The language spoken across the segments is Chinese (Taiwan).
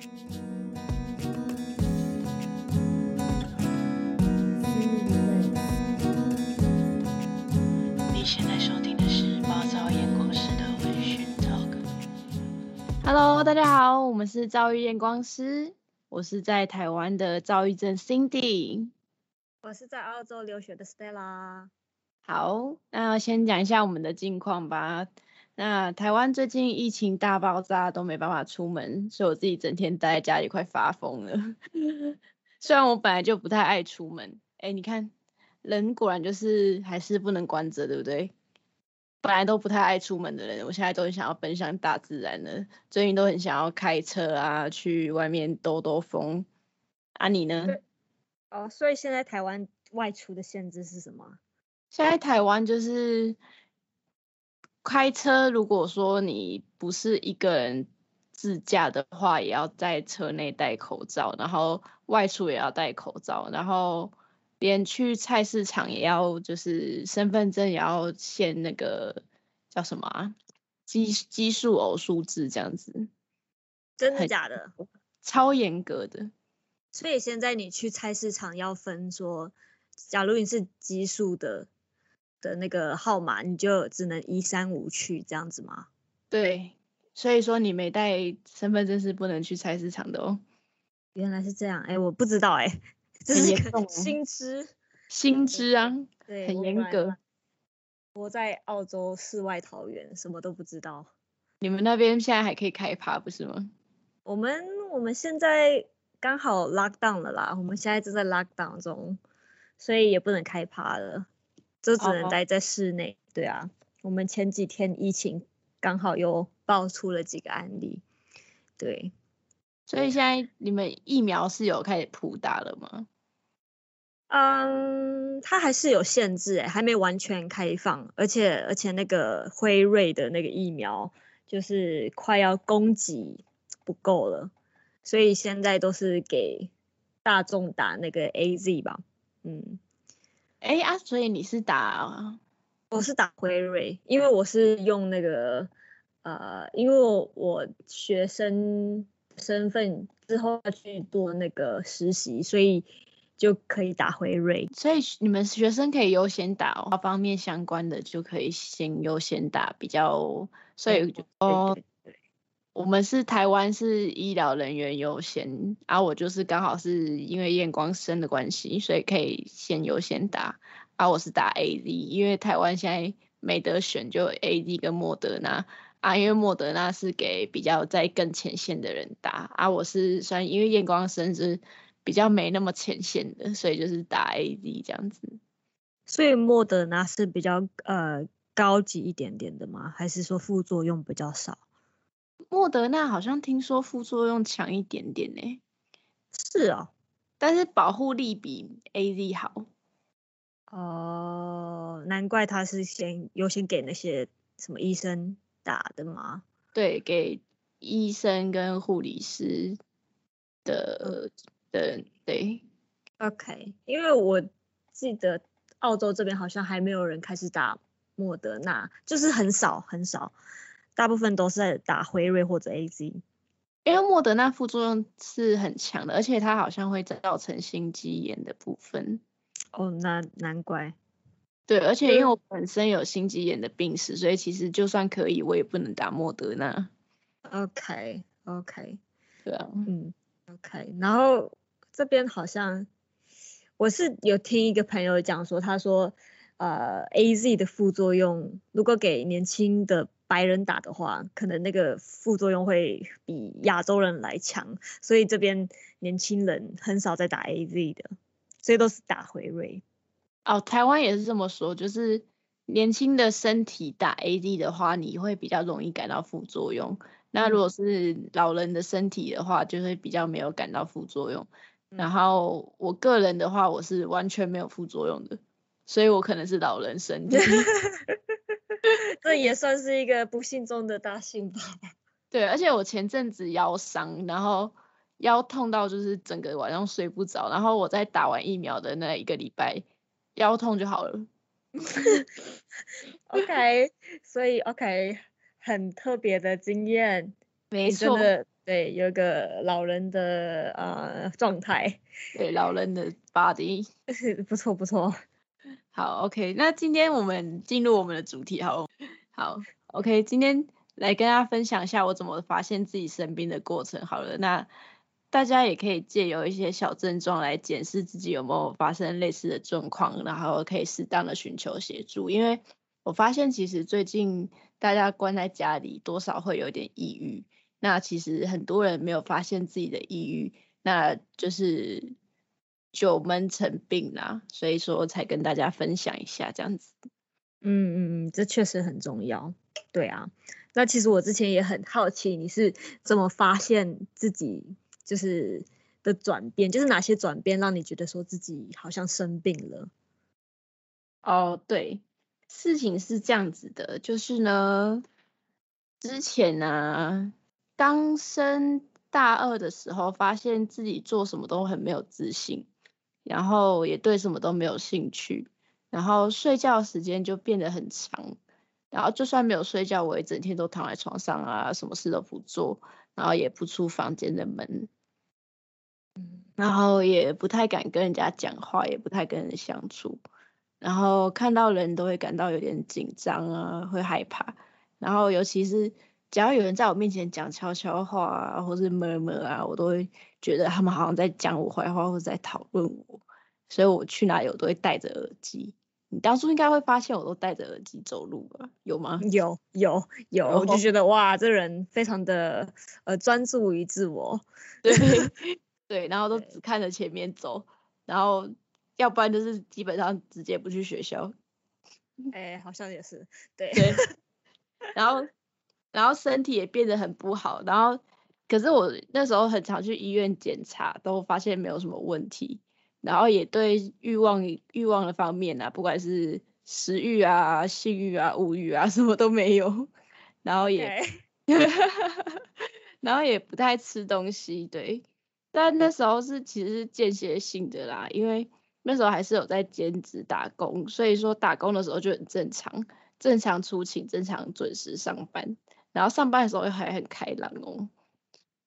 你現在收聽的是躁鬱驗光師的微信 talk。Hello，大家好，我們是躁鬱驗光師，我是在台灣的躁鬱症 Cindy，我是在澳洲留學的 Stella。好，那先講一下我們的近況吧。那台灣最近疫情大爆炸，都沒辦法出門，所以我自己整天待在家裡，快發瘋了。 雖然我本來就不太愛出門，誒、欸，你看，人果然就是還是不能關着，對不對？本來都不太愛出門的人，我現在都很想要奔向大自然了。最近都很想要開車啊，去外面兜兜風。啊，你呢？哦，所以現在台灣外出的限制是什麼？現在台灣就是。開車，如果說你不是一個人自駕的話，也要在車內戴口罩，然後外出也要戴口罩，然後連去菜市場也要，就是身份證也要限那個叫什麼啊，奇奇數偶數字這樣子。真的假的？超嚴格的。所以現在你去菜市場要分說，假如你是奇數的。的那個號碼，你就只能一三五去這樣子嗎？對，所以說你沒帶身份證是不能去菜市場的哦。原來是這樣，哎、欸，我不知道哎、欸，這是一個新知，新知啊、嗯，對，很嚴格。我在澳洲世外桃源，什麼都不知道。你們那邊現在還可以開趴不是嗎？我們我們現在剛好 lockdown 了啦，我們現在正在 lockdown 中，所以也不能開趴了。就只能待在室內，Oh. 對啊。我們前幾天疫情剛好又爆出了幾個案例，對。對，所以現在你們疫苗是有開始普打了嗎？嗯，um, 它還是有限制哎、欸，還沒完全開放，而且而且那個輝瑞的那個疫苗就是快要供給不夠了，所以現在都是給大眾打那個 A Z 吧，嗯。哎啊，所以你是打、哦，我是打輝瑞，因為我是用那個，呃，因為我學生身份之後要去做那個實習，所以就可以打輝瑞。所以你們學生可以優先打、哦，方面相關的就可以先優先打比較，所以就哦。我們是台灣是醫療人員優先，啊，我就是剛好是因為驗光生的關係，所以可以先優先打。啊，我是打 AZ，因為台灣現在沒得選，就 AZ 跟莫德納。啊，因為莫德納是給比較在更前線的人打，啊，我是算因為驗光生是比較沒那麼前線的，所以就是打 AZ 這樣子。所以莫德納是比較呃高級一點點的嗎？還是說副作用比較少？莫德納好像聽說副作用強一點點呢、欸，是哦、喔，但是保護力比 AZ 好。哦、呃，難怪他是先優先給那些什麼醫生打的嗎？對，給醫生跟護理師的的對。OK，因為我記得澳洲這邊好像還沒有人開始打莫德納，就是很少很少。大部分都是在打輝瑞或者 AZ，因為莫德納副作用是很強的，而且它好像會造成心肌炎的部分。哦，oh，那難怪。對，而且因為我本身有心肌炎的病史，所以其實就算可以，我也不能打莫德納。OK OK，對啊，嗯，OK。然後這邊好像我是有聽一個朋友講說，他說呃 AZ 的副作用如果給年輕的。白人打的話，可能那個副作用會比亞洲人來強，所以這邊年輕人很少在打 A Z 的，所以都是打回瑞。哦，台灣也是這麼說，就是年輕的身體打 A Z 的話，你會比較容易感到副作用。嗯、那如果是老人的身體的話，就會比較沒有感到副作用。嗯、然後我個人的話，我是完全沒有副作用的，所以我可能是老人身體。 這也算是一個不幸中的大幸吧。 對，而且我前陣子腰傷，然後腰痛到就是整個晚上睡不着，然後我在打完疫苗的那一個禮拜，腰痛就好了。 OK，所以 OK，很特別的經驗，沒錯錯，對，有個老人的呃狀態，呃、狀態對，老人的 body，不錯 不錯。不錯。好，OK，那今天我們進入我們的主題。好，好好，OK，今天來跟大家分享一下我怎麼發現自己生病的過程。好了，那大家也可以借由一些小症狀來檢視自己有沒有發生類似的狀況，然後可以適當的尋求協助。因為我發現其實最近大家關在家裡，多少會有點抑鬱。那其實很多人沒有發現自己的抑鬱，那就是。就悶成病啦，所以說才跟大家分享一下這樣子。嗯嗯嗯，這確實很重要。對啊，那其實我之前也很好奇，你是怎麼發現自己就是的轉變？就是哪些轉變讓你覺得說自己好像生病了？哦，對，事情是這樣子的，就是呢，之前呢剛升大二的時候，發現自己做什麼都很沒有自信。然後也對什麼都沒有興趣，然後睡覺時間就變得很長，然後就算沒有睡覺，我也整天都躺在床上啊，什麼事都不做，然後也不出房間的門，然後也不太敢跟人家講話，也不太跟人相處，然後看到人都會感到有點緊張啊，會害怕，然後尤其是只要有人在我面前講悄悄話啊，或是麼麼啊，我都會。覺得他們好像在講我壞話，或者在討論我，所以我去哪我都會戴着耳機。你當初應該會發現，我都戴着耳機走路吧？有嗎？有有有，有，我就覺得哇，這人非常的呃專注於自我，對對，然後都只看着前面走，對然後要不然就是基本上直接不去學校。哎、欸，好像也是，對。對然後然後身體也變得很不好，然後。可是我那時候很常去醫院檢查，都發現沒有什麼問題。然後也對欲望欲望的方面啊，不管是食欲啊、性欲啊、物欲啊，什麼都沒有。然後也，對 然後也不太吃東西，對。但那時候是其實是間歇性的啦，因為那時候還是有在兼職打工，所以說打工的時候就很正常，正常出勤，正常準時上班。然後上班的時候還很開朗哦。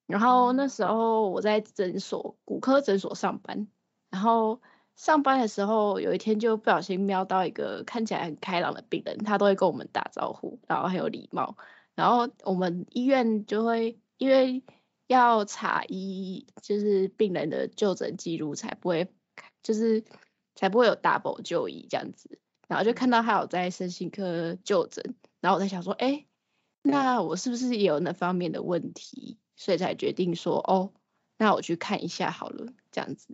然後那時候我在診所，骨科診所上班，然後上班的時候有一天就不小心瞄到一個看起來很開朗的病人，他都會跟我們打招呼，然後很有禮貌。然後我們醫院就會因為要查醫，就是病人的就診記錄才不會，就是才不會有 double 就醫這樣子。然後就看到他有在身心科就診，然後我在想說，誒，那我是不是也有那方面的問題？所以才決定說哦，那我去看一下好了，這樣子。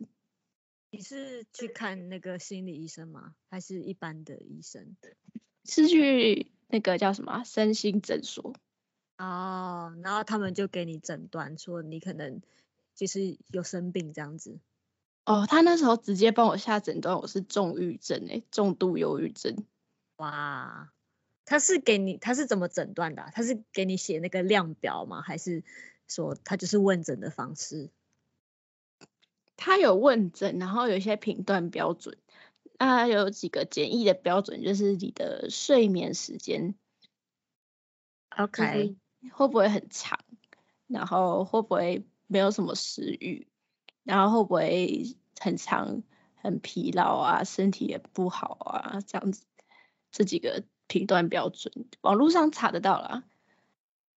你是去看那個心理醫生嗎？還是一般的醫生？是去那個叫什麼、啊、身心診所哦，然後他們就給你診斷說你可能就是有生病這樣子。哦，他那時候直接幫我下診斷，我是重鬱症誒、欸，重度憂鬱症。哇，他是給你他是怎麼診斷的、啊？他是給你寫那個量表嗎？還是？說他就是問診的方式，他有問診，然後有一些評斷標準，那有幾個簡易的標準，就是你的睡眠時間，OK，會不會很長？然後會不會沒有什麼食慾？然後會不會很長很疲勞啊？身體也不好啊？這樣子，這幾個評斷標準，網絡上查得到啦。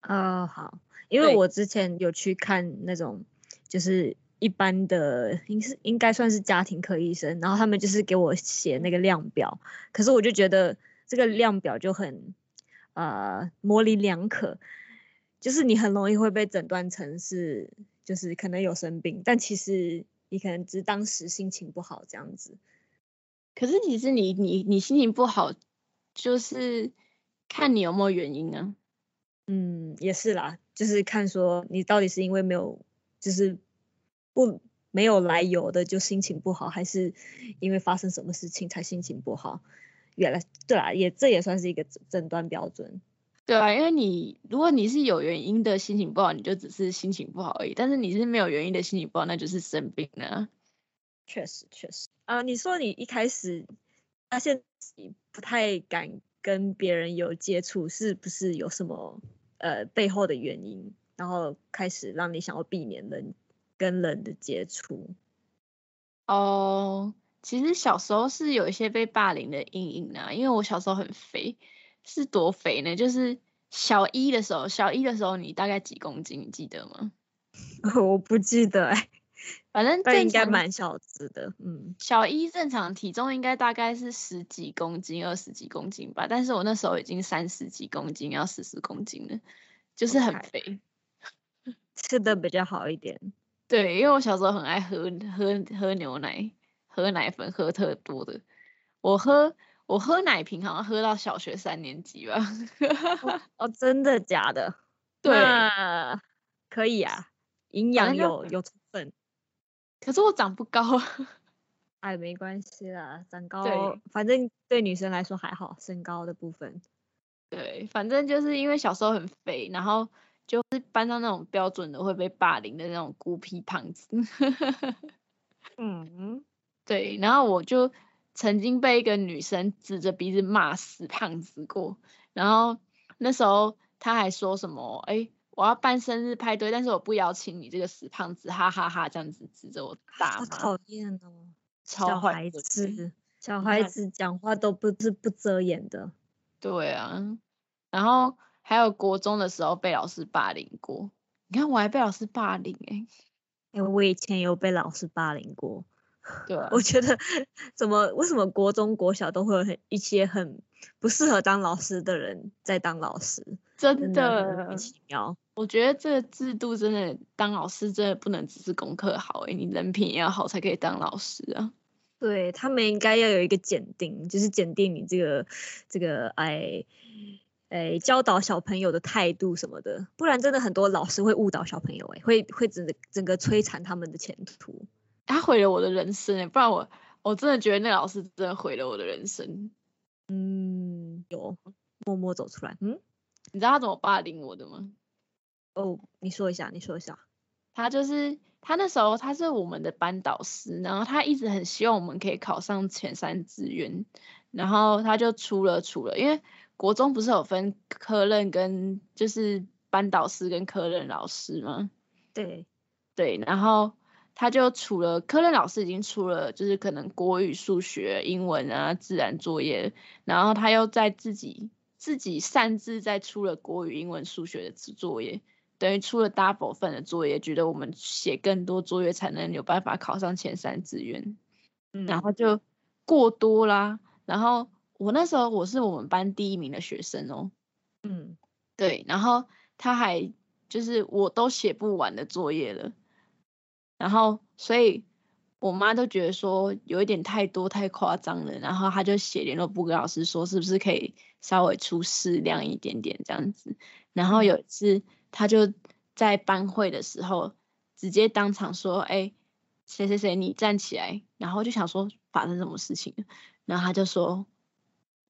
啊、哦，好。因為我之前有去看那種，就是一般的，應是應該算是家庭科醫生，然後他們就是給我寫那個量表，可是我就覺得這個量表就很呃模稜兩可，就是你很容易會被診斷成是就是可能有生病，但其實你可能只是當時心情不好這樣子。可是其實你你你心情不好，就是看你有沒有原因啊。嗯，也是啦，就是看說你到底是因為沒有，就是不沒有來由的就心情不好，還是因為發生什麼事情才心情不好？原來對啦，也這也算是一個診斷標準，對啊，因為你如果你是有原因的心情不好，你就只是心情不好而已；但是你是沒有原因的心情不好，那就是生病啊。確實，確實，啊、呃，你說你一開始，發現你不太敢，跟別人有接觸，是不是有什麼呃背後的原因，然後開始讓你想要避免人跟人的接觸？哦，oh, 其實小時候是有一些被霸凌的陰影呢、啊，因為我小時候很肥，是多肥呢？就是小一的時候，小一的時候你大概幾公斤？你記得嗎？ 我不記得哎、欸。反正這應該蠻小隻的，嗯，小一正常體重應該大概是十幾公斤、二十幾公斤吧，但是我那時候已經三十幾公斤，要四十公斤了，就是很肥，Okay. 吃的比較好一點，對，因為我小時候很愛喝喝喝牛奶、喝奶粉，喝特多的，我喝我喝奶瓶好像喝到小學三年級吧， 哦，真的假的？對，可以啊，營養有有。可是我長不高啊，哎，沒關係啦，長高，對反正對女生來說還好，身高的部分。對，反正就是因為小時候很肥，然後就是班上那種標準的會被霸凌的那種孤僻胖子。 嗯，對，然後我就曾經被一個女生指着鼻子罵“死胖子”過，然後那時候她還說什麼：“誒我要辦生日派對，但是我不邀請你這個死胖子，哈哈哈，哈！這樣子指着我打，好討厭哦，的小孩子對小孩子講話都不是不遮掩。的，對啊，然後還有國中的時候被老師霸凌過，你看我還被老師霸凌哎、欸，因為、欸、我以前有被老師霸凌過，對、啊，我覺得怎麼為什麼國中國小都會有很一些很不適合當老師的人在當老師？真的，真的不不奇妙。我覺得這個制度真的，當老師真的不能只是功課好，誒你人品要好才可以當老師啊。對他們應該要有一個檢定，就是檢定你這個這個哎誒教導小朋友的態度什麼的，不然真的很多老師會誤導小朋友誒，會會整個整個摧殘他們的前途。他毀了我的人生哎，不然我我真的覺得那老師真的毀了我的人生。嗯，有默默走出來。嗯，你知道他怎麼霸凌我的嗎？哦，你說一下，你說一下。他就是他那時候他是我們的班導師，然後他一直很希望我們可以考上前三志願，然後他就出了出了，因為國中不是有分科任跟就是班導師跟科任老師嗎？對對，然後他就除了科任老師已經出了，就是可能國語、數學、英文啊、自然作業，然後他又在自己自己擅自再出了國語、英文、數學的作業。等於出了大部分的作業，覺得我們寫更多作業才能有辦法考上前三志願，嗯、然後就過多啦。然後我那時候我是我們班第一名的學生哦，嗯，對，然後他還就是我都寫不完的作業了，然後所以我媽都覺得說有一點太多太誇張了，然後他就寫聯絡簿給老師說，是不是可以稍微出適量一點點這樣子，嗯、然後有一次。他就在班會的時候直接當場說：“誒，誰誰誰，你站起來。”然後就想說發生什麼事情，然後他就說：“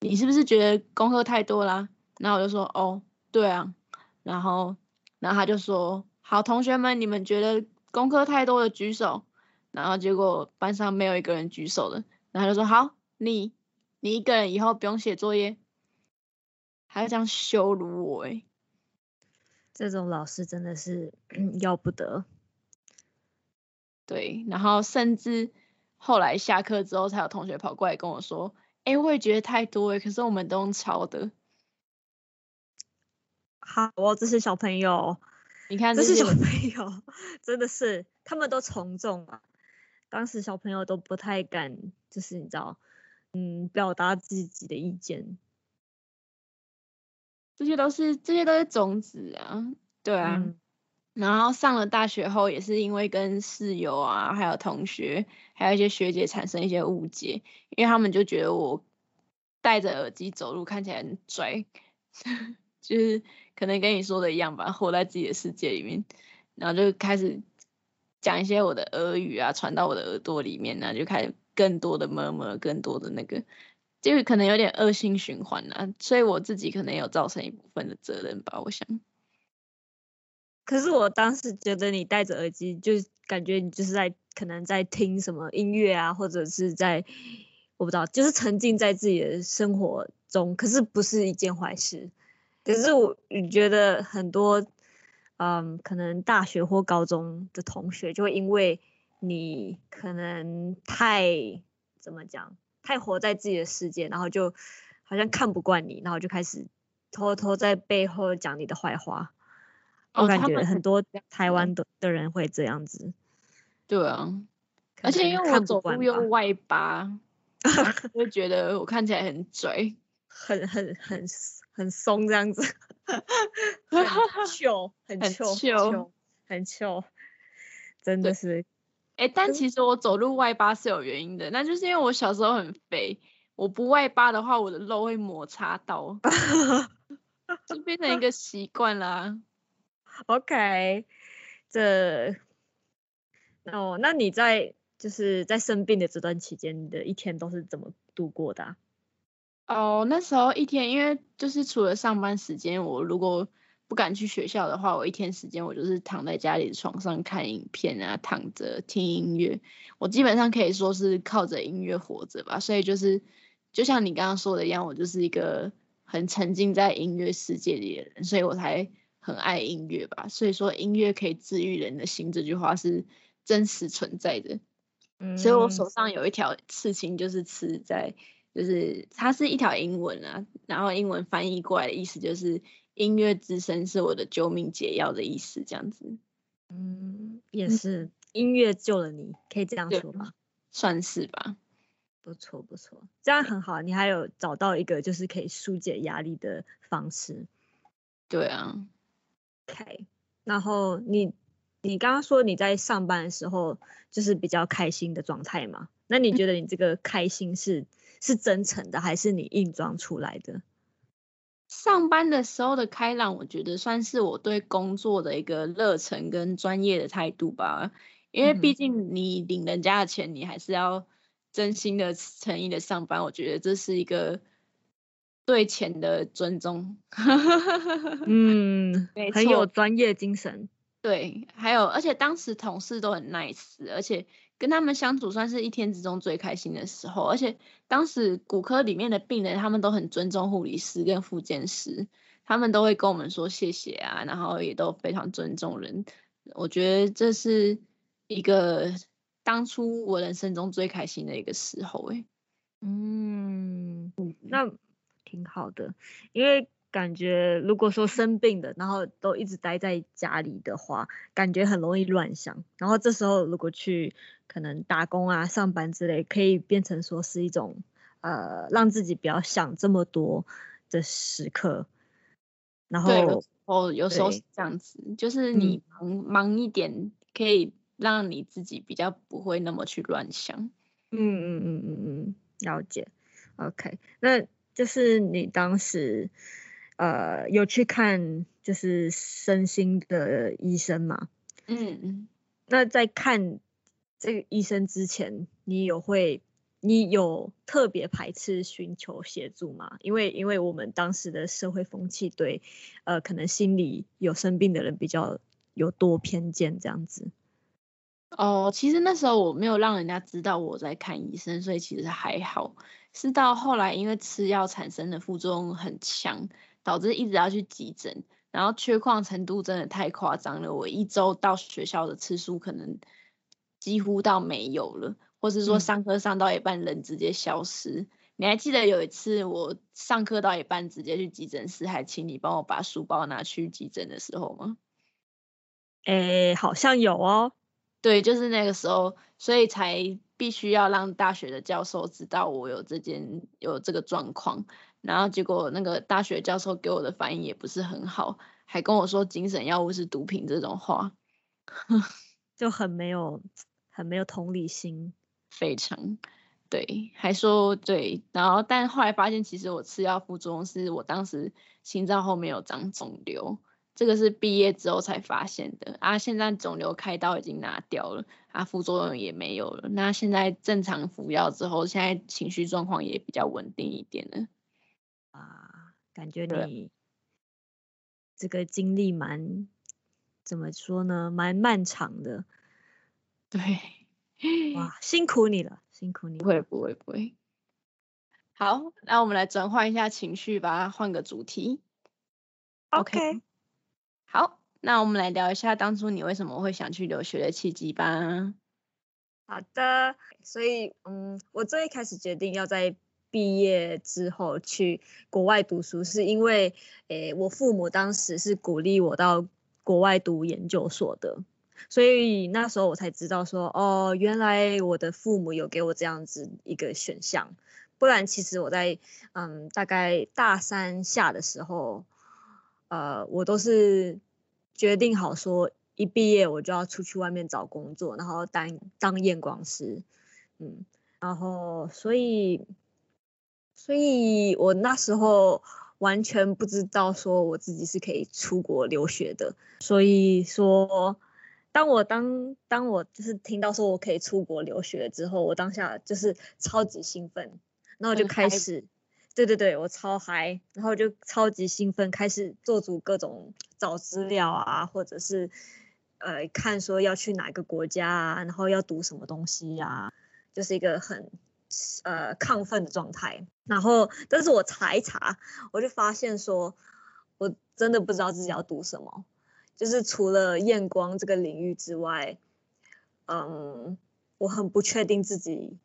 你是不是覺得功課太多啦？”然後我就說：“哦，對啊。”然後，然後他就說：“好，同學們，你們覺得功課太多的舉手。”然後結果班上沒有一個人舉手的，然後他就說：“好，你，你一個人以後不用寫作業。”還要這樣羞辱我，誒。這種老師真的是，嗯，要不得。對，然後甚至後來下課之後，才有同學跑過來跟我說：“哎，我也覺得太多了。”可是我們都用抄的。好哦，這些小朋友，你看這些小朋友，真的是他們都從眾啊。當時小朋友都不太敢，就是你知道，嗯，表達自己的意見。這些都是這些都是種子啊，對啊。嗯、然後上了大學後，也是因為跟室友啊，還有同學，還有一些學姐產生一些誤解，因為他們就覺得我戴着耳機走路看起來很拽， 就是可能跟你說的一樣吧，活在自己的世界裡面。然後就開始講一些我的俄語啊，傳到我的耳朵裡面，然後就開始更多的 murmur 更多的那個。就是可能有點惡性循環了啊，所以我自己可能有造成一部分的責任吧，我想。可是我當時覺得你戴着耳機，就感覺你就是在可能在聽什麼音樂啊，或者是在我不知道，就是沉浸在自己的生活中。可是不是一件壞事。可是我覺得很多，嗯，可能大學或高中的同學就會因為你可能太怎麼講。太活在自己的世界，然後就好像看不慣你，然後就開始偷偷在背後講你的壞話。哦，我感覺很多台灣的的人會這樣子。對啊，而且因為我走路有外八，我 覺得我看起來很跩，很很很很鬆這樣子， 很 chill，很 chill，很 chill，真的是。哎、欸，但其實我走路外八是有原因的，那就是因為我小時候很肥，我不外八的話，我的肉會摩擦到， 就變成一個習慣了、啊。OK，這，哦，那你在就是在生病的這段期間，你的一天都是怎麼度過的、啊？哦，那時候一天，因為就是除了上班時間，我如果不敢去學校的話，我一天時間我就是躺在家裡的床上看影片啊，躺着聽音樂。我基本上可以說是靠着音樂活着吧，所以就是就像你剛剛說的一樣，我就是一個很沉浸在音樂世界裡的人，所以我才很愛音樂吧。所以說，音樂可以治癒人的心，這句話是真實存在的。嗯，所以我手上有一條刺青，就是刺在，就是它是一條英文啊，然後英文翻譯過來的意思就是。音樂之聲是我的救命解藥的意思，這樣子，嗯，也是音樂救了你，可以這樣說嗎？算是吧，不錯不錯，這樣很好，你還有找到一個就是可以疏解壓力的方式，對啊，OK，然後你你剛剛說你在上班的時候就是比較開心的狀態嘛？那你覺得你這個開心是、嗯、是真誠的，還是你硬裝出來的？上班的時候的開朗，我覺得算是我對工作的一個熱忱跟專業的態度吧。因為畢竟你領人家的錢，嗯、你還是要真心的、誠意的上班。我覺得這是一個對錢的尊重。 嗯，沒錯，很有專業精神。對，還有，而且當時同事都很 nice，而且。跟他們相處算是一天之中最開心的時候，而且當時骨科裡面的病人他們都很尊重護理師跟復健師，他們都會跟我們說謝謝啊，然後也都非常尊重人，我覺得這是一個當初我人生中最開心的一個時候，欸，誒，嗯，那挺好的，因為。感覺如果說生病的，然後都一直待在家裡的話，感覺很容易亂想。然後這時候如果去可能打工啊、上班之類，可以變成說是一種呃讓自己不要想這麼多的時刻。然後哦，有時候是這樣子，對就是你忙、嗯、忙一點，可以讓你自己比較不會那麼去亂想。嗯嗯嗯嗯嗯，了解。OK，那就是你當時。呃，有去看就是身心的醫生嘛？嗯，那在看這個醫生之前，你有會，你有特別排斥尋求協助嗎？因為因為我們當時的社會風氣對，呃，可能心理有生病的人比較有多偏見這樣子。哦，其實那時候我沒有讓人家知道我在看醫生，所以其實還好。是到後來，因為吃藥產生的副作用很強。導致一直要去急診，然後缺曠程度真的太誇張了。我一週到學校的次數可能幾乎到沒有了，或是說上課上到一半人直接消失。嗯、你還記得有一次我上課到一半直接去急診室，還請你幫我把書包拿去急診的時候嗎？誒、欸，好像有哦。對，就是那個時候，所以才必須要讓大學的教授知道我有這件有這個狀況。然後結果那個大學教授給我的反應也不是很好，還跟我說精神藥物是毒品這種話， 就很沒有很沒有同理心，非常對，還說對，然後但後來發現其實我吃藥副作用是我當時心臟後面有長腫瘤，這個是畢業之後才發現的啊，現在腫瘤開刀已經拿掉了，啊副作用也沒有了，那現在正常服藥之後，現在情緒狀況也比較穩定一點了。啊，感覺你這個經歷蠻對怎麼說呢，蠻漫長的。對，哇，辛苦你了，辛苦你了。不會不會不會。好，那我們來轉換一下情緒吧，換個主題。OK。好，那我們來聊一下當初你為什麼會想去留學的契機吧。好的，所以嗯，我最開始決定要在畢業之後去國外讀書，是因為誒，我父母當時是鼓勵我到國外讀研究所的，所以那時候我才知道說，哦，原來我的父母有給我這樣子一個選項。不然，其實我在嗯，大概大三下的時候，呃，我都是決定好說，一畢業我就要出去外面找工作，然後當當驗光師，嗯，然後所以。所以我那時候完全不知道說我自己是可以出國留學的，所以說當我當當我就是聽到說我可以出國留學之後，我當下就是超級興奮，然後我就開始，對對對，我超嗨，然後就超級興奮，開始做足各種找資料啊，或者是呃看說要去哪個國家啊，然後要讀什麼東西啊，就是一個很呃，亢奮的狀態，然後但是我查一查，我就發現說，我真的不知道自己要讀什麼，就是除了驗光這個領域之外，嗯，我很不確定自己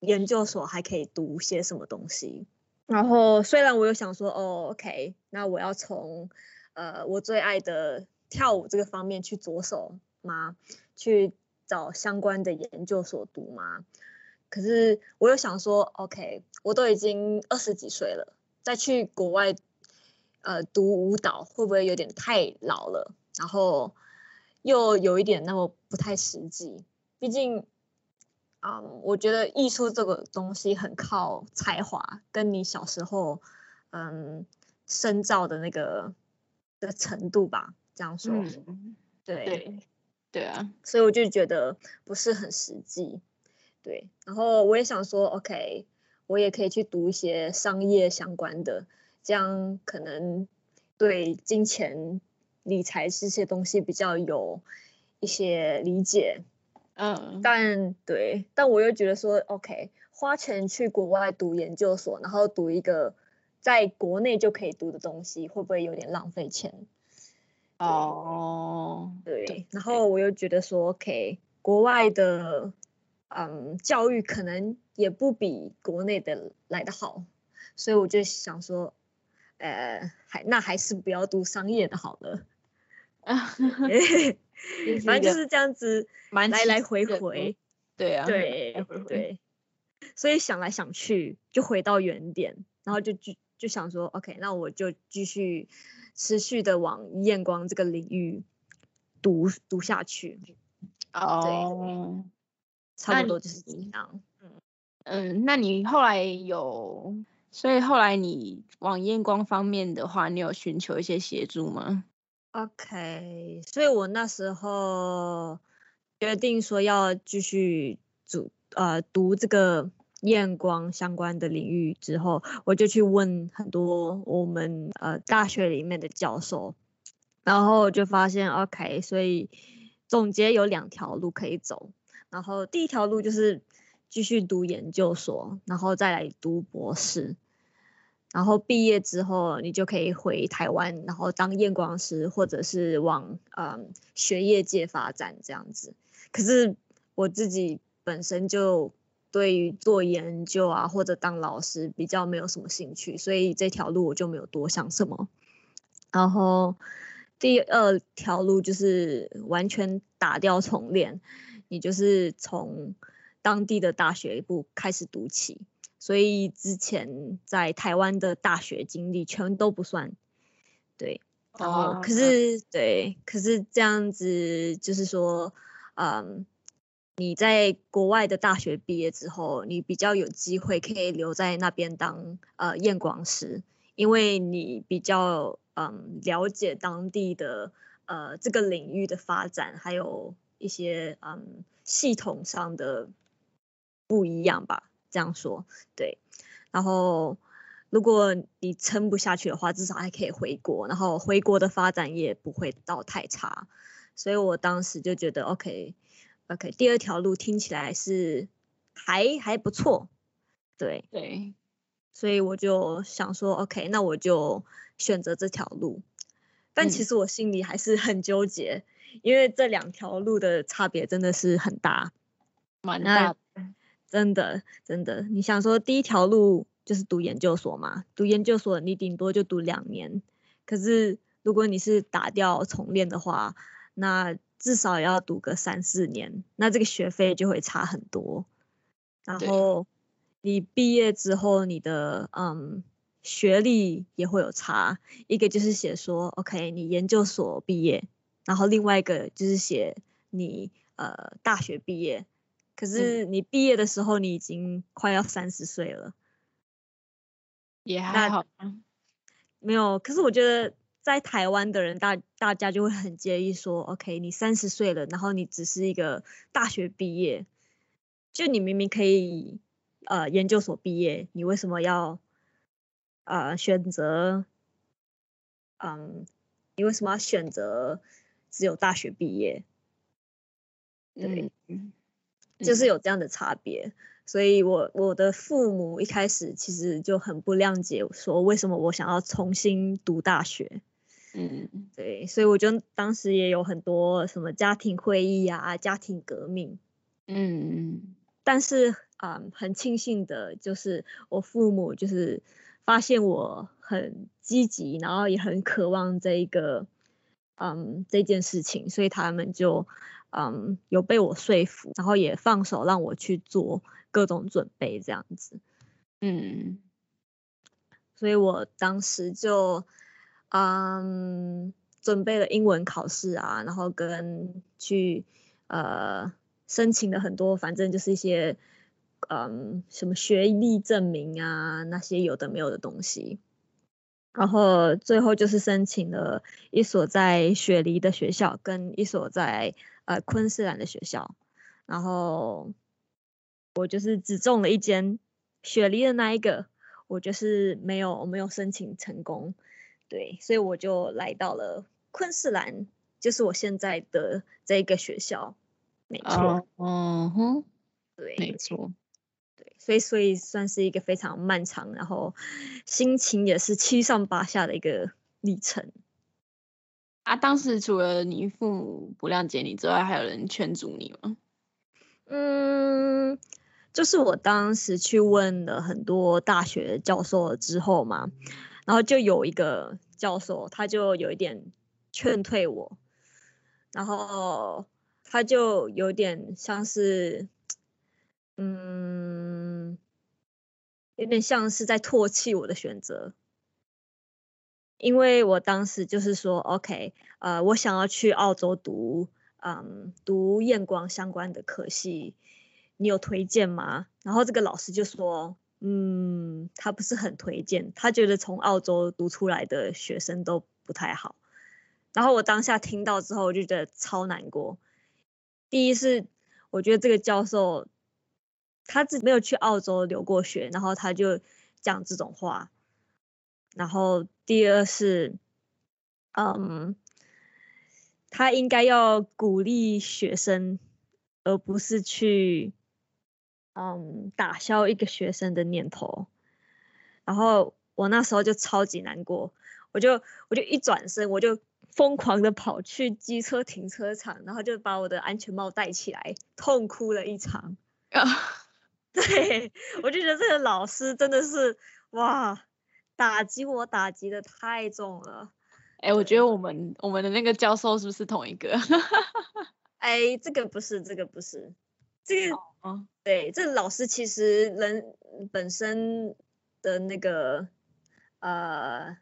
研究所還可以讀些什麼東西。然後雖然我又想說，哦，OK，那我要從呃我最愛的跳舞這個方面去着手嗎？去找相關的研究所讀嗎？可是我又想說，OK，我都已經二十幾歲了，再去國外，呃，讀舞蹈會不會有點太老了？然後又有一點那麼不太實際。畢竟，嗯，我覺得藝術這個東西很靠才華，跟你小時候嗯深造的那個的程度吧，這樣說。嗯、對。對啊，所以我就覺得不是很實際。對，然後我也想說，OK，我也可以去讀一些商業相關的，這樣可能對金錢、理財這些東西比較有一些理解。嗯。但對，但我又覺得說，OK，花錢去國外讀研究所，然後讀一個在國內就可以讀的東西，會不會有點浪費錢？哦。對。對，然後我又覺得說，OK，國外的。嗯，um, 教育可能也不比國內的來得好，所以我就想說，呃，還那還是不要讀商業的好了。啊，反正 就是這樣子，蠻來來回回，對啊，對，來回回對，對，所以想來想去就回到原點，然後就就就想說，OK，那我就繼續持續的往驗光這個領域讀讀，讀下去。哦、oh. 對。Oh. 差不多就是這樣。嗯你嗯，那你後來有？所以後來你往驗光方面的話，你有尋求一些協助嗎？OK，所以我那時候決定說要繼續讀呃讀這個驗光相關的領域之後，我就去問很多我們呃大學裡面的教授，然後就發現 OK，所以總結有兩條路可以走。然後第一條路就是繼續讀研究所，然後再來讀博士，然後畢業之後你就可以回台灣，然後當驗光師，或者是往嗯學業界發展這樣子。可是我自己本身就對於做研究啊，或者當老師比較沒有什麼興趣，所以這條路我就沒有多想什麼。然後第二條路就是完全打掉重練。你就是從當地的大學部開始讀起，所以之前在台灣的大學經歷全都不算。對，哦，oh. 可是對，可是這樣子就是說，嗯，你在國外的大學畢業之後，你比較有機會可以留在那邊當呃驗光師，因為你比較嗯了解當地的呃這個領域的發展，還有，一些嗯系統上的不一樣吧，這樣說對。然後如果你撐不下去的話，至少還可以回國，然後回國的發展也不會到太差。所以我當時就覺得 OK，OK，、OK, OK, 第二條路聽起來是還還不錯，對對。所以我就想說 OK，那我就選擇這條路。但其實我心裡還是很糾結。嗯因為這兩條路的差別真的是很大，蠻大的，那真的真的。你想說，第一條路就是讀研究所嘛，讀研究所你頂多就讀兩年，可是如果你是打掉重練的話，那至少也要讀個三四年，那這個學費就會差很多。然後你畢業之後，你的嗯學歷也會有差。一個就是寫說，OK，你研究所畢業。然後另外一個就是寫你呃大學畢業，可是你畢業的時候你已經快要三十歲了，也還好，沒有。可是我覺得在台灣的人大大家就會很介意說，OK，你三十歲了，然後你只是一個大學畢業，就你明明可以呃研究所畢業，你為什麼要啊、呃、選擇？嗯，你為什麼要選擇？只有大學畢業，對，嗯嗯、就是有這樣的差別，所以我我的父母一開始其實就很不諒解，說為什麼我想要重新讀大學，嗯，對，所以我就當時也有很多什麼家庭會議啊，家庭革命，嗯，但是啊、嗯，很慶幸的，就是我父母就是發現我很積極，然後也很渴望這一個。嗯，這件事情，所以他們就嗯有被我說服，然後也放手讓我去做各種準備，這樣子，嗯，所以我當時就嗯準備了英文考試啊，然後跟去呃申請了很多，反正就是一些嗯什麼學歷證明啊，那些有的沒有的東西。然後最後就是申請了一所在雪梨的學校，跟一所在呃昆士蘭的學校。然後我就是只中了一間雪梨的那一個，我就是沒有我沒有申請成功。對，所以我就來到了昆士蘭，就是我現在的這一個學校。沒錯，嗯哼、uh-huh，對，沒錯。所以，所以算是一個非常漫長，然後心情也是七上八下的一個歷程。啊，當時除了你父母不諒解你之外，還有人勸阻你嗎？嗯，就是我當時去問了很多大學教授之後嘛，然後就有一個教授，他就有一點勸退我，然後他就有點像是，嗯。有點像是在唾棄我的選擇，因為我當時就是說，OK，呃，我想要去澳洲讀，嗯，讀驗光相關的科系，你有推薦嗎？然後這個老師就說，嗯，他不是很推薦，他覺得從澳洲讀出來的學生都不太好。然後我當下聽到之後，我就覺得超難過。第一是，我覺得這個教授。他自己沒有去澳洲留過學，然後他就講這種話。然後第二是，嗯，他應該要鼓勵學生，而不是去，嗯，打消一個學生的念頭。然後我那時候就超級難過，我就我就一轉身，我就瘋狂的跑去機車停車場，然後就把我的安全帽戴起來，痛哭了一場。 對，我就覺得這個老師真的是哇，打擊我打擊的太重了。哎，我覺得我們我們的那個教授是不是同一個？哎， 這個不是，這個不是，這個哦，oh. 對，這個老師其實人本身的那個呃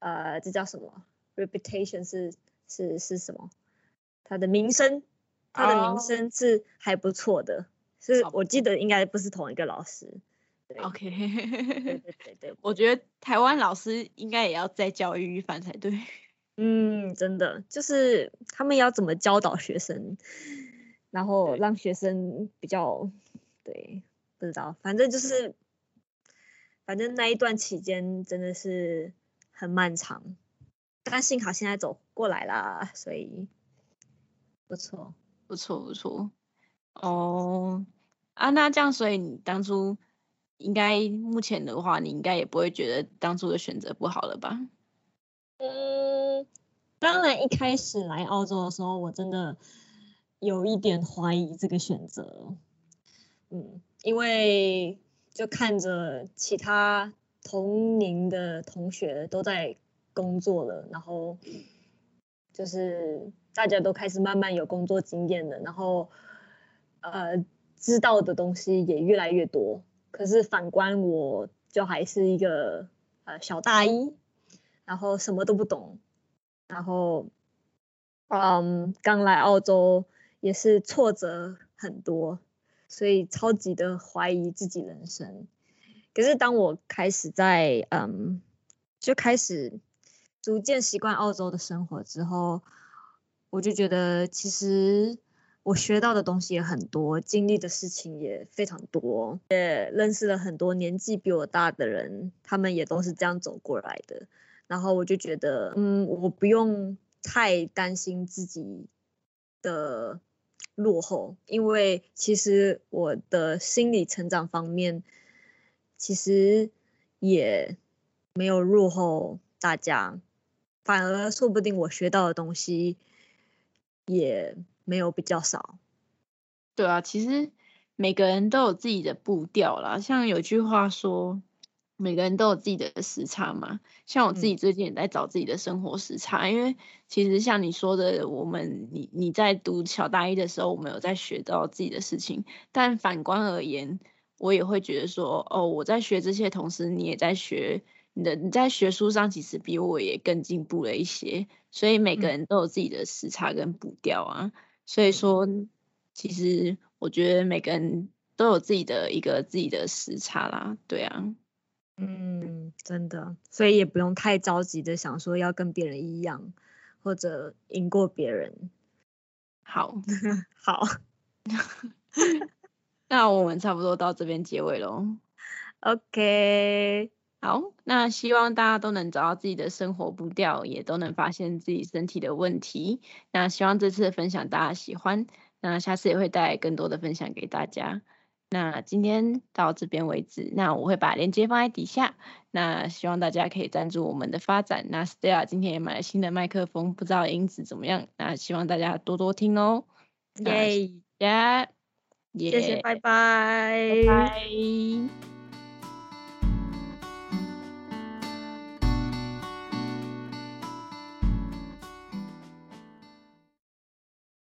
呃，這叫什麼？reputation 是是是什麼？他的名聲，他的名聲是還不錯的。Oh. 是 Okay. 我記得應該不是同一個老師，OK。對對對，我覺得台灣老師應該也要再教育一番才對。嗯，真的，就是他們要怎麼教導學生，然後讓學生比較，對，對，不知道，反正就是，反正那一段期間真的是很漫長，但幸好現在走過來了，所以不錯，不錯，不錯，不錯。哦，oh, 啊，那這樣，所以你當初應該目前的話，你應該也不會覺得當初的選擇不好了吧？嗯，當然，一開始來澳洲的時候，我真的有一點懷疑這個選擇。嗯，因為就看着其他同齡的同學都在工作了，然後就是大家都開始慢慢有工作經驗了，然後。呃，知道的東西也越來越多，可是反觀我就還是一個呃小大一，然後什麼都不懂，然後嗯，剛來澳洲也是挫折很多，所以超級的懷疑自己人生。可是當我開始在嗯，就開始逐漸習慣澳洲的生活之後，我就覺得其實，我學到的東西也很多，經歷的事情也非常多，也認識了很多年紀比我大的人，他們也都是這樣走過來的。然後我就覺得，嗯，我不用太擔心自己的落後，因為其實我的心理成長方面，其實也沒有落後大家，反而說不定我學到的東西也。沒有比較少，對啊，其實每個人都有自己的步調啦。像有句話說，每個人都有自己的時差嘛。像我自己最近也在找自己的生活時差，嗯、因為其實像你說的，我們你你在讀小大一的時候，我們有在學到自己的事情。但反觀而言，我也會覺得說，哦，我在學這些同時，你也在學你的，你在學術上，其實比我也更進步了一些。所以每個人都有自己的時差跟步調啊。嗯所以說，其實我覺得每個人都有自己的一個自己的時差啦，對啊，嗯，真的，所以也不用太着急的想說要跟別人一樣或者贏過別人。好， 好， 那我們差不多到這邊結尾了，OK。好，那希望大家都能找到自己的生活步調，也都能發現自己身體的問題。那希望這次的分享大家喜歡，那下次也會帶來更多的分享給大家。那今天到這邊為止，那我會把鏈接放在底下。那希望大家可以贊助我們的發展。那 Stella 今天也買了新的麥克風，不知道音質怎麼樣？那希望大家多多聽哦。耶 Yay.，耶、yeah.，謝謝，拜拜。拜拜。